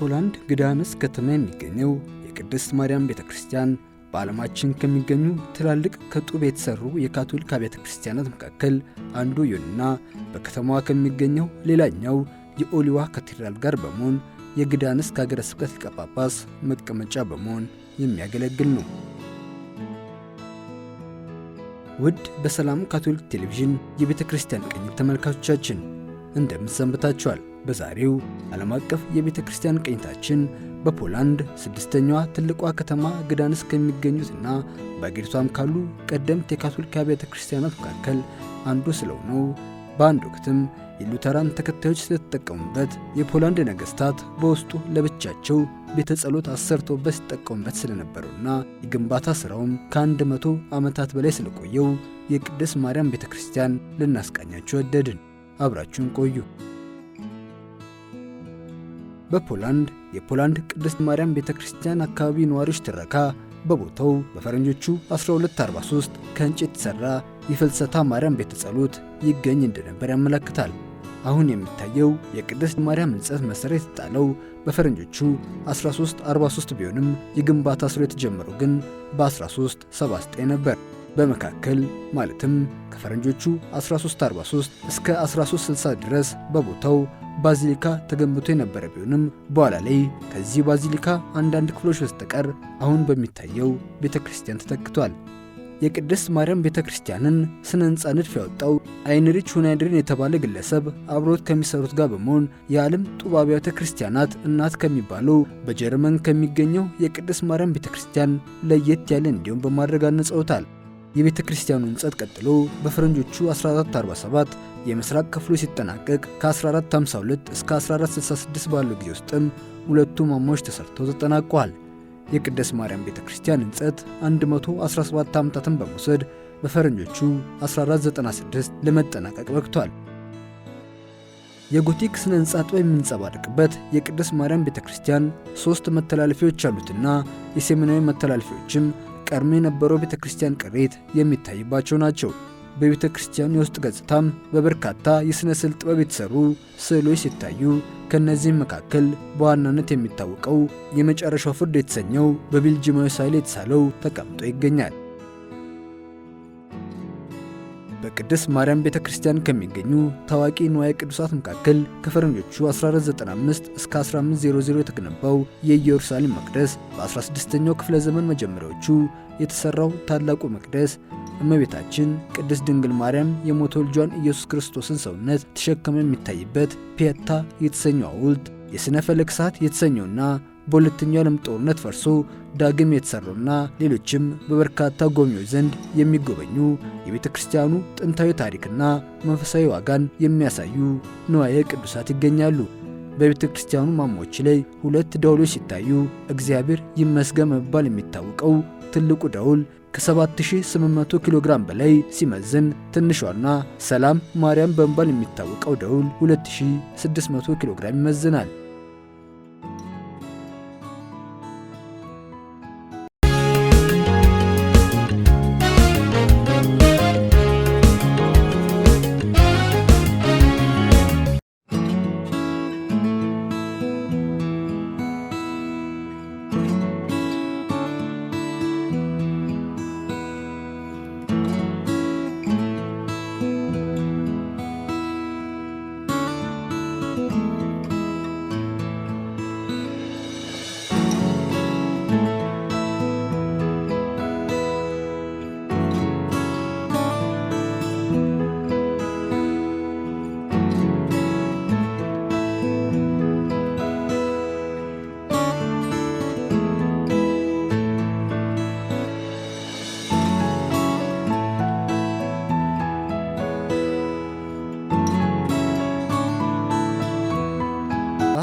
በፖላንድ ግዳንስክ ከተማ የሚገኘው የቅድስት ማርያም ቤተ ክርስቲያን በዓለማችን ከሚገኙ ትላልቅ ከጡብ የተሠሩ የካቶሊክ አብያተ ክርስቲያናት መካከል አንዱ ይሁንና በከተማዋ ከሚገኘው ሌላኛው የኦሊዋ ካቴድራል ጋር በመሆን የግዳንስ ከሀገረ ስብከት ሊቀ ጳጳስ መቀመጫ በመሆን የሚያገለግል ነው። ውድ በሰላም ካቶሊክ ቴሌቪዥን የቤተ ክርስቲያን ቅኝት ተመልካቾቻችን እንደምን በዛሬው ዓለም አቀፍ የቤተ ክርስቲያን ቅኝታችን በፖላንድ ስድስተኛዋ ትልቋ ከተማ ግዳንስ ከሚገኙትና በአገሪቷም ካሉ ቀደምት የካቶሊክ አብያተ ክርስቲያናት መካከል አንዱ ስለሆነው በአንድ ወቅትም የሉተራን ተከታዮች ስለተጠቀሙበት የፖላንድ ነገሥታት በውስጡ ለብቻቸው ቤተ ጸሎት አሰርቶበት ሲጠቀሙበት ስለነበረውና የግንባታ ሥራውም ከአንድ መቶ ዓመታት በላይ ስለቆየው የቅድስት ማርያም ቤተ ክርስቲያን ልናስቃኛችሁ ወደድን። አብራችሁን ቆዩ። በፖላንድ የፖላንድ ቅድስት ማርያም ቤተ ክርስቲያን አካባቢ ነዋሪዎች ትረካ በቦታው በፈረንጆቹ 1243 ከእንጨት የተሠራ የፍልሰታ ማርያም ቤተ ጸሎት ይገኝ እንደነበር ያመለክታል። አሁን የሚታየው የቅድስት ማርያም ሕንጸት መሠረት የተጣለው በፈረንጆቹ 1343 ቢሆንም የግንባታ ስራ የተጀመረው ግን በ1379 ነበር። በመካከል ማለትም ከፈረንጆቹ 1343 እስከ 1360 ድረስ በቦታው ባዚሊካ ተገንብቶ የነበረ ቢሆንም በኋላ ላይ ከዚህ ባዚሊካ አንዳንድ ክፍሎች በስተቀር አሁን በሚታየው ቤተ ክርስቲያን ተተክቷል። የቅድስት ማርያም ቤተ ክርስቲያንን ስነ ህንፃ ንድፍ ያወጣው አይንሪች ሁናይድሪን የተባለ ግለሰብ አብሮት ከሚሰሩት ጋር በመሆን የዓለም ጡብ አብያተ ክርስቲያናት እናት ከሚባለው በጀርመን ከሚገኘው የቅድስት ማርያም ቤተ ክርስቲያን ለየት ያለ እንዲሁም በማድረግ አነጸውታል። የቤተ ክርስቲያኑን ሕንጸት ቀጥሎ በፈረንጆቹ 1447 የምስራቅ ክፍሉ ሲጠናቀቅ ከ1452 እስከ 1466 ባለው ጊዜ ውስጥም ሁለቱ ማማዎች ተሰርተው ተጠናቋል። የቅድስት ማርያም ቤተ ክርስቲያን ሕንጸት 117 ዓመታትን በመውሰድ በፈረንጆቹ 1496 ለመጠናቀቅ በቅቷል። የጎቲክ ስነ ህንጻ ጥበብ የሚንጸባረቅበት የቅድስት ማርያም ቤተ ክርስቲያን ሦስት መተላለፊያዎች አሉትና የሰሜናዊ መተላለፊያዎችም ቀድሞ የነበረው ቤተ ክርስቲያን ቅሬት የሚታይባቸው ናቸው። በቤተ የውስጥ ገጽታም በበርካታ የሥነ ስዕል ጥበብ የተሠሩ ስዕሎች ሲታዩ ከእነዚህም መካከል በዋናነት የሚታወቀው የመጨረሻው ፍርድ የተሰኘው በቤልጅማዊ ሳይል የተሳለው ተቀምጦ ይገኛል። በቅድስት ማርያም ቤተ ክርስቲያን ከሚገኙ ታዋቂ ንዋየ ቅዱሳት መካከል ከፈረንጆቹ 1495 እስከ 1500 የተገነባው የኢየሩሳሌም መቅደስ፣ በ16ኛው ክፍለ ዘመን መጀመሪያዎቹ የተሠራው ታላቁ መቅደስ እመቤታችን ቅድስት ድንግል ማርያም የሞተ ልጇን ኢየሱስ ክርስቶስን ሰውነት ተሸክመ የሚታይበት ፒየታ የተሰኘው ሐውልት የሥነ ፈለክ ሰዓት የተሰኘውና በሁለተኛው ዓለም ጦርነት ፈርሶ ዳግም የተሰሩና ሌሎችም በበርካታ ጎብኚዎች ዘንድ የሚጎበኙ የቤተ ክርስቲያኑ ጥንታዊ ታሪክና መንፈሳዊ ዋጋን የሚያሳዩ ንዋየ ቅዱሳት ይገኛሉ። በቤተ ክርስቲያኑ ማማዎች ላይ ሁለት ደውሎች ሲታዩ እግዚአብሔር ይመስገን መባል የሚታወቀው ትልቁ ደውል ከ7800 ኪሎ ግራም በላይ ሲመዝን ትንሿና ሰላም ማርያም በመባል የሚታወቀው ደውል 2600 ኪሎ ግራም ይመዝናል።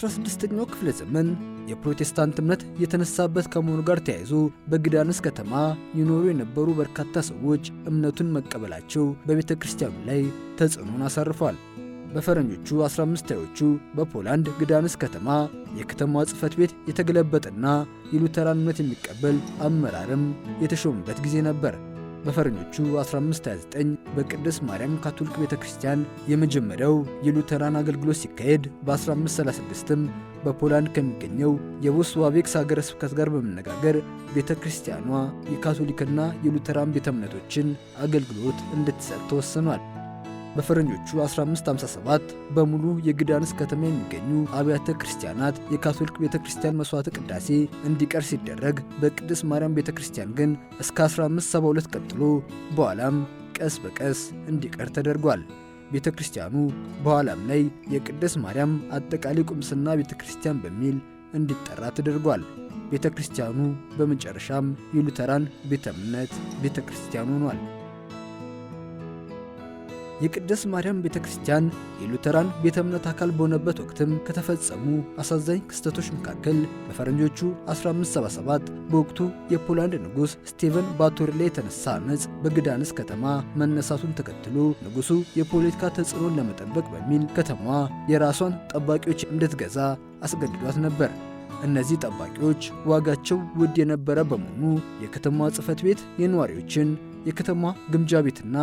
የ16ኛው ክፍለ ዘመን የፕሮቴስታንት እምነት የተነሳበት ከመሆኑ ጋር ተያይዞ በግዳንስ ከተማ ይኖሩ የነበሩ በርካታ ሰዎች እምነቱን መቀበላቸው በቤተ ክርስቲያኑ ላይ ተጽዕኖን አሳርፏል። በፈረንጆቹ 15 ዎቹ በፖላንድ ግዳንስ ከተማ የከተማዋ ጽህፈት ቤት የተገለበጠና የሉተራን እምነት የሚቀበል አመራርም የተሾመበት ጊዜ ነበር። በፈረንጆቹ 1529 በቅድስት ማርያም ካቶሊክ ቤተ ክርስቲያን የመጀመሪያው የሉተራን አገልግሎት ሲካሄድ በ1536ም በፖላንድ ከሚገኘው የቦስዋቤክስ ሀገረ ስብከት ጋር በመነጋገር ቤተ ክርስቲያኗ የካቶሊክና የሉተራን ቤተ እምነቶችን አገልግሎት እንድትሰጥ ተወስኗል። በፈረንጆቹ 1557 በሙሉ የግዳንስ ከተማ የሚገኙ አብያተ ክርስቲያናት የካቶሊክ ቤተ ክርስቲያን መስዋዕተ ቅዳሴ እንዲቀር ሲደረግ በቅድስ ማርያም ቤተ ክርስቲያን ግን እስከ 1572 ቀጥሎ በኋላም ቀስ በቀስ እንዲቀር ተደርጓል። ቤተ ክርስቲያኑ በኋላም ላይ የቅድስ ማርያም አጠቃላይ ቁምስና ቤተ ክርስቲያን በሚል እንዲጠራ ተደርጓል። ቤተ ክርስቲያኑ በመጨረሻም የሉተራን ቤተ እምነት ቤተ ክርስቲያን ሆኗል። የቅድስት ማርያም ቤተ ክርስቲያን የሉተራን ቤተ እምነት አካል በሆነበት ወቅትም ከተፈጸሙ አሳዛኝ ክስተቶች መካከል በፈረንጆቹ 1577 በወቅቱ የፖላንድ ንጉሥ ስቴቨን ባቶሪ ላይ የተነሳ አመፅ በግዳንስ ከተማ መነሳቱን ተከትሎ ንጉሱ የፖለቲካ ተጽዕኖን ለመጠበቅ በሚል ከተማዋ የራሷን ጠባቂዎች እንድትገዛ አስገድዷት ነበር። እነዚህ ጠባቂዎች ዋጋቸው ውድ የነበረ በመሆኑ የከተማዋ ጽሕፈት ቤት የነዋሪዎችን የከተማ ግምጃ ቤትና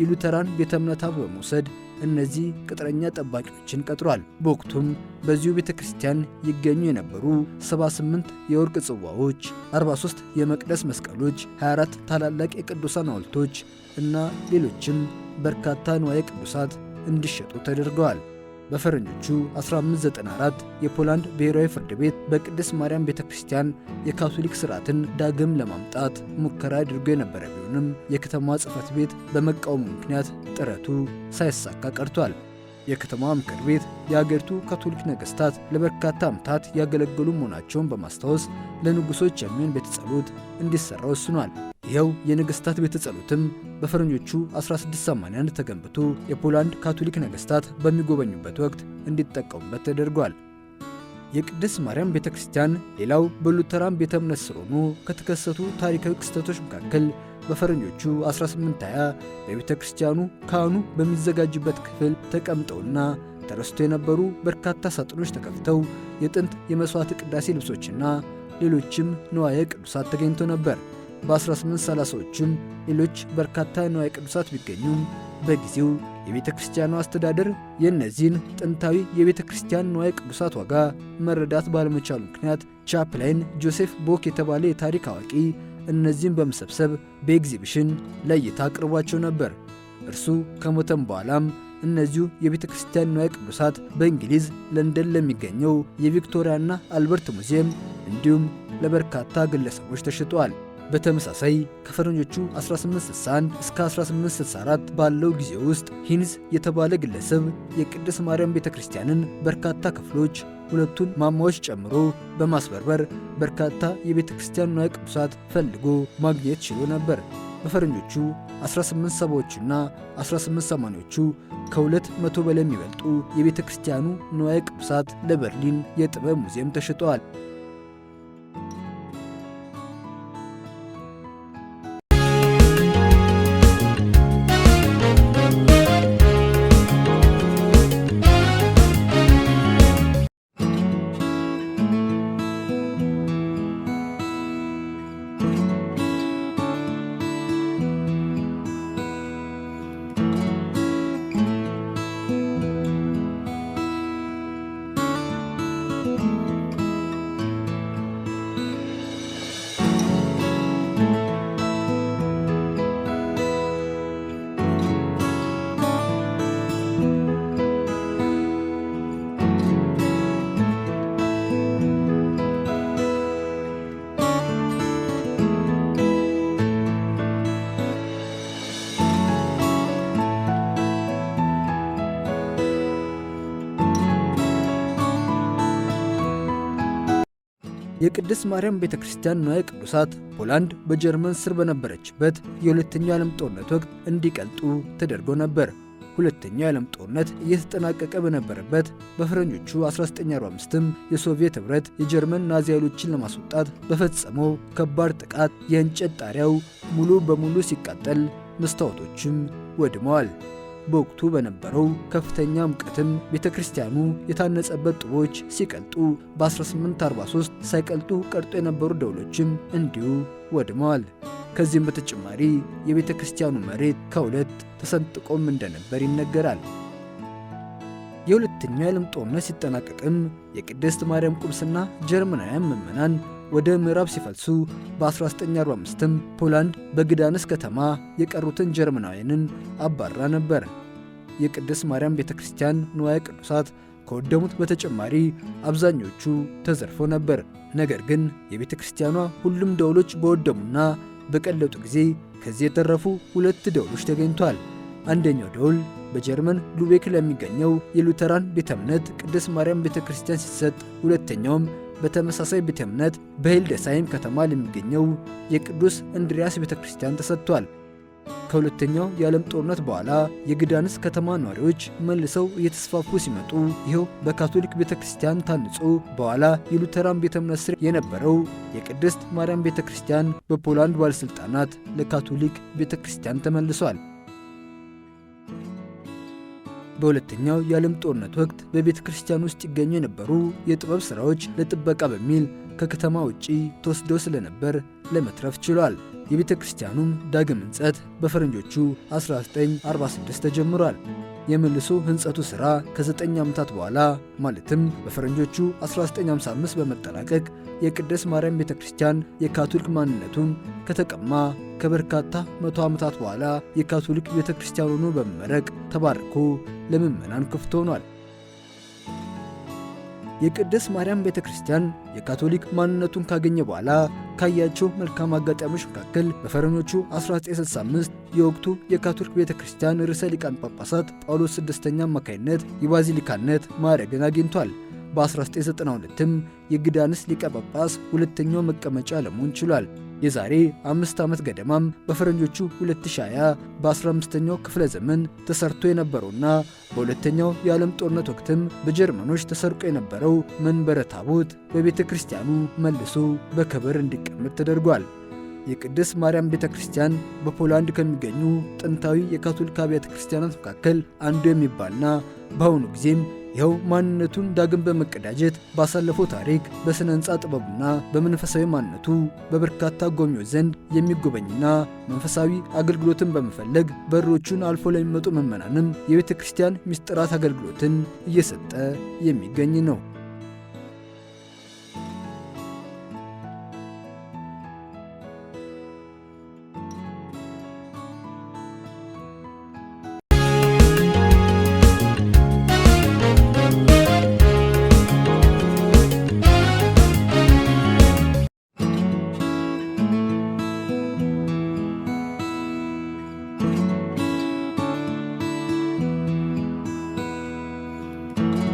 የሉተራን ቤተ አብ በመውሰድ እነዚህ ቅጥረኛ ጠባቂዎችን ቀጥሯል። በወቅቱም በዚሁ ቤተ ክርስቲያን ይገኙ የነበሩ 78 የወርቅ ጽዋዎች፣ 43 የመቅደስ መስቀሎች፣ 24 ታላላቅ የቅዱሳን ሐውልቶች እና ሌሎችም በርካታ ንዋየ ቅዱሳት እንዲሸጡ ተደርገዋል። በፈረንጆቹ 1594 የፖላንድ ብሔራዊ ፍርድ ቤት በቅድስት ማርያም ቤተ ክርስቲያን የካቶሊክ ስርዓትን ዳግም ለማምጣት ሙከራ አድርጎ የነበረ ቢሆንም የከተማ ጽህፈት ቤት በመቃወሙ ምክንያት ጥረቱ ሳይሳካ ቀርቷል። የከተማ ምክር ቤት የአገሪቱ ካቶሊክ ነገሥታት ለበርካታ ዓመታት ያገለገሉ መሆናቸውን በማስታወስ ለንጉሶች የሚሆን ቤተ ጸሎት እንዲሠራ ወስኗል። ይኸው የነገስታት ቤተ ጸሎትም በፈረንጆቹ 1681 ተገንብቶ የፖላንድ ካቶሊክ ነገስታት በሚጎበኙበት ወቅት እንዲጠቀሙበት ተደርጓል። የቅድስት ማርያም ቤተ ክርስቲያን ሌላው በሉተራን ቤተ እምነት ስር ሆኖ ከተከሰቱ ታሪካዊ ክስተቶች መካከል በፈረንጆቹ 1820 በቤተ ክርስቲያኑ ካህኑ በሚዘጋጅበት ክፍል ተቀምጠውና ተረስቶ የነበሩ በርካታ ሳጥኖች ተከፍተው የጥንት የመሥዋዕት ቅዳሴ ልብሶችና ሌሎችም ንዋየ ቅዱሳት ተገኝቶ ነበር። በ1830ዎቹም ሌሎች በርካታ ንዋየ ቅዱሳት ቢገኙም በጊዜው የቤተ ክርስቲያኑ አስተዳደር የእነዚህን ጥንታዊ የቤተ ክርስቲያን ንዋየ ቅዱሳት ዋጋ መረዳት ባለመቻሉ ምክንያት ቻፕላይን ጆሴፍ ቦክ የተባለ የታሪክ አዋቂ እነዚህን በመሰብሰብ በኤግዚቢሽን ለእይታ አቅርቧቸው ነበር። እርሱ ከሞተም በኋላም እነዚሁ የቤተ ክርስቲያን ንዋየ ቅዱሳት በእንግሊዝ ለንደን ለሚገኘው የቪክቶሪያና አልበርት ሙዚየም እንዲሁም ለበርካታ ግለሰቦች ተሽጠዋል። በተመሳሳይ ከፈረንጆቹ 1861 እስከ 1864 ባለው ጊዜ ውስጥ ሂንዝ የተባለ ግለሰብ የቅድስት ማርያም ቤተ ክርስቲያንን በርካታ ክፍሎች ሁለቱን ማማዎች ጨምሮ በማስበርበር በርካታ የቤተ ክርስቲያኑ ቅዱሳት ፈልጎ ማግኘት ችሎ ነበር። በፈረንጆቹ 1870ዎቹና 1880ዎቹ ከሁለት መቶ በላይ የሚበልጡ የቤተ ክርስቲያኑ ንዋየ ቅዱሳት ለበርሊን የጥበብ ሙዚየም ተሽጠዋል። የቅድስት ማርያም ቤተ ክርስቲያን ንዋየ ቅዱሳት ፖላንድ በጀርመን ስር በነበረችበት የሁለተኛው ዓለም ጦርነት ወቅት እንዲቀልጡ ተደርጎ ነበር። ሁለተኛው የዓለም ጦርነት እየተጠናቀቀ በነበረበት በፈረንጆቹ 1945ም የሶቪየት ኅብረት የጀርመን ናዚ ኃይሎችን ለማስወጣት በፈጸመው ከባድ ጥቃት የእንጨት ጣሪያው ሙሉ በሙሉ ሲቃጠል መስታወቶችም ወድመዋል። በወቅቱ በነበረው ከፍተኛ ሙቀትም ቤተ ክርስቲያኑ የታነጸበት ጡቦች ሲቀልጡ በ1843 ሳይቀልጡ ቀርጦ የነበሩ ደውሎችም እንዲሁ ወድመዋል። ከዚህም በተጨማሪ የቤተ ክርስቲያኑ መሬት ከሁለት ተሰንጥቆም እንደነበር ይነገራል። የሁለተኛው የዓለም ጦርነት ሲጠናቀቅም የቅድስት ማርያም ቁምስና ጀርመናውያን ምዕመናን ወደ ምዕራብ ሲፈልሱ በ1945ም ፖላንድ በግዳንስ ከተማ የቀሩትን ጀርመናውያንን አባራ ነበር። የቅድስት ማርያም ቤተ ክርስቲያን ንዋየ ቅዱሳት ከወደሙት በተጨማሪ አብዛኞቹ ተዘርፎ ነበር። ነገር ግን የቤተ ክርስቲያኗ ሁሉም ደውሎች በወደሙና በቀለጡ ጊዜ ከዚህ የተረፉ ሁለት ደውሎች ተገኝቷል። አንደኛው ደውል በጀርመን ሉቤክ ለሚገኘው የሉተራን ቤተ እምነት ቅድስት ማርያም ቤተ ክርስቲያን ሲሰጥ፣ ሁለተኛውም በተመሳሳይ ቤተ እምነት በሂልደሳይም ከተማ ለሚገኘው የቅዱስ እንድሪያስ ቤተ ክርስቲያን ተሰጥቷል። ከሁለተኛው የዓለም ጦርነት በኋላ የግዳንስ ከተማ ነዋሪዎች መልሰው እየተስፋፉ ሲመጡ ይኸው በካቶሊክ ቤተ ክርስቲያን ታንጾ በኋላ የሉተራን ቤተ እምነት ስር የነበረው የቅድስት ማርያም ቤተ ክርስቲያን በፖላንድ ባለሥልጣናት ለካቶሊክ ቤተ ክርስቲያን ተመልሷል። በሁለተኛው የዓለም ጦርነት ወቅት በቤተ ክርስቲያን ውስጥ ይገኙ የነበሩ የጥበብ ሥራዎች ለጥበቃ በሚል ከከተማ ውጪ ተወስዶ ስለነበር ለመትረፍ ችሏል። የቤተ ክርስቲያኑም ዳግም ሕንጸት በፈረንጆቹ 1946 ተጀምሯል። የመልሶ ሕንጸቱ ሥራ ከ9 ዓመታት በኋላ ማለትም በፈረንጆቹ 1955 በመጠናቀቅ የቅድስት ማርያም ቤተ ክርስቲያን የካቶሊክ ማንነቱን ከተቀማ ከበርካታ መቶ ዓመታት በኋላ የካቶሊክ ቤተ ክርስቲያን ሆኖ በመመረቅ ተባርኮ ለምዕመናን ክፍት ሆኗል። የቅድስት ማርያም ቤተ ክርስቲያን የካቶሊክ ማንነቱን ካገኘ በኋላ ካያቸው መልካም አጋጣሚዎች መካከል በፈረኞቹ 1965 የወቅቱ የካቶሊክ ቤተ ክርስቲያን ርዕሰ ሊቃን ጳጳሳት ጳውሎስ ስድስተኛ አማካይነት የባዚሊካነት ማዕረግን አግኝቷል። በ1992ም የግዳንስ ሊቀ ጳጳስ ሁለተኛው መቀመጫ ለመሆን ችሏል። የዛሬ አምስት ዓመት ገደማም በፈረንጆቹ 2020 በ15ኛው ክፍለ ዘመን ተሰርቶ የነበረውና በሁለተኛው የዓለም ጦርነት ወቅትም በጀርመኖች ተሰርቆ የነበረው መንበረ ታቦት በቤተ ክርስቲያኑ መልሶ በክብር እንዲቀመጥ ተደርጓል። የቅድስት ማርያም ቤተ ክርስቲያን በፖላንድ ከሚገኙ ጥንታዊ የካቶሊክ አብያተ ክርስቲያናት መካከል አንዱ የሚባልና በአሁኑ ጊዜም ይኸው ማንነቱን ዳግም በመቀዳጀት ባሳለፈው ታሪክ በሥነ ሕንፃ ጥበቡና በመንፈሳዊ ማንነቱ በበርካታ ጎብኚዎች ዘንድ የሚጎበኝና መንፈሳዊ አገልግሎትን በመፈለግ በሮቹን አልፎ ለሚመጡ ምዕመናንም የቤተ ክርስቲያን ምስጢራት አገልግሎትን እየሰጠ የሚገኝ ነው። Thank you.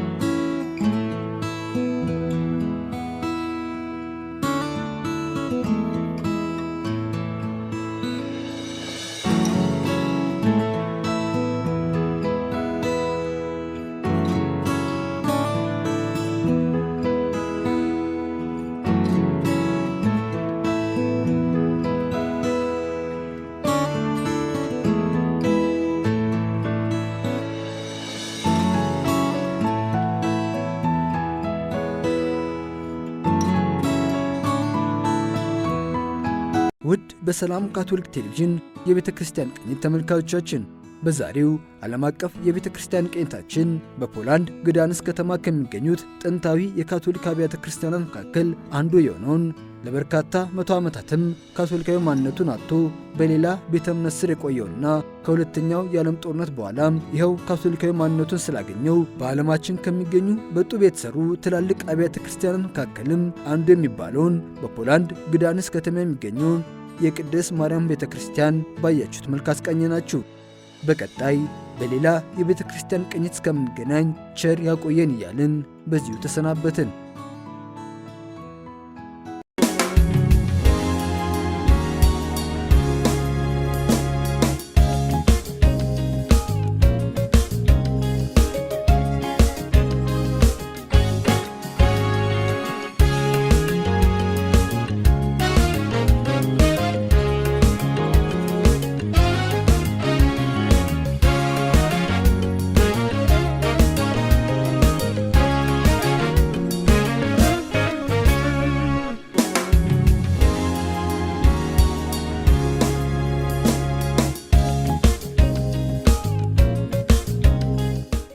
ውድ በሰላም ካቶሊክ ቴሌቪዥን የቤተ ክርስቲያን ቅኝት ተመልካቾቻችን በዛሬው ዓለም አቀፍ የቤተ ክርስቲያን ቅኝታችን በፖላንድ ግዳንስ ከተማ ከሚገኙት ጥንታዊ የካቶሊክ አብያተ ክርስቲያናት መካከል አንዱ የሆነውን ለበርካታ መቶ ዓመታትም ካቶሊካዊ ማንነቱን አጥቶ በሌላ ቤተ እምነት ስር የቆየውና ከሁለተኛው የዓለም ጦርነት በኋላም ይኸው ካቶሊካዊ ማንነቱን ስላገኘው በዓለማችን ከሚገኙ በጡብ የተሰሩ ትላልቅ አብያተ ክርስቲያናት መካከልም አንዱ የሚባለውን በፖላንድ ግዳንስ ከተማ የሚገኘውን የቅድስ ማርያም ቤተ ክርስቲያን ባያችሁት መልክ አስቃኘናችሁ። በቀጣይ በሌላ የቤተ ክርስቲያን ቅኝት እስከምንገናኝ ቸር ያቆየን እያልን በዚሁ ተሰናበትን።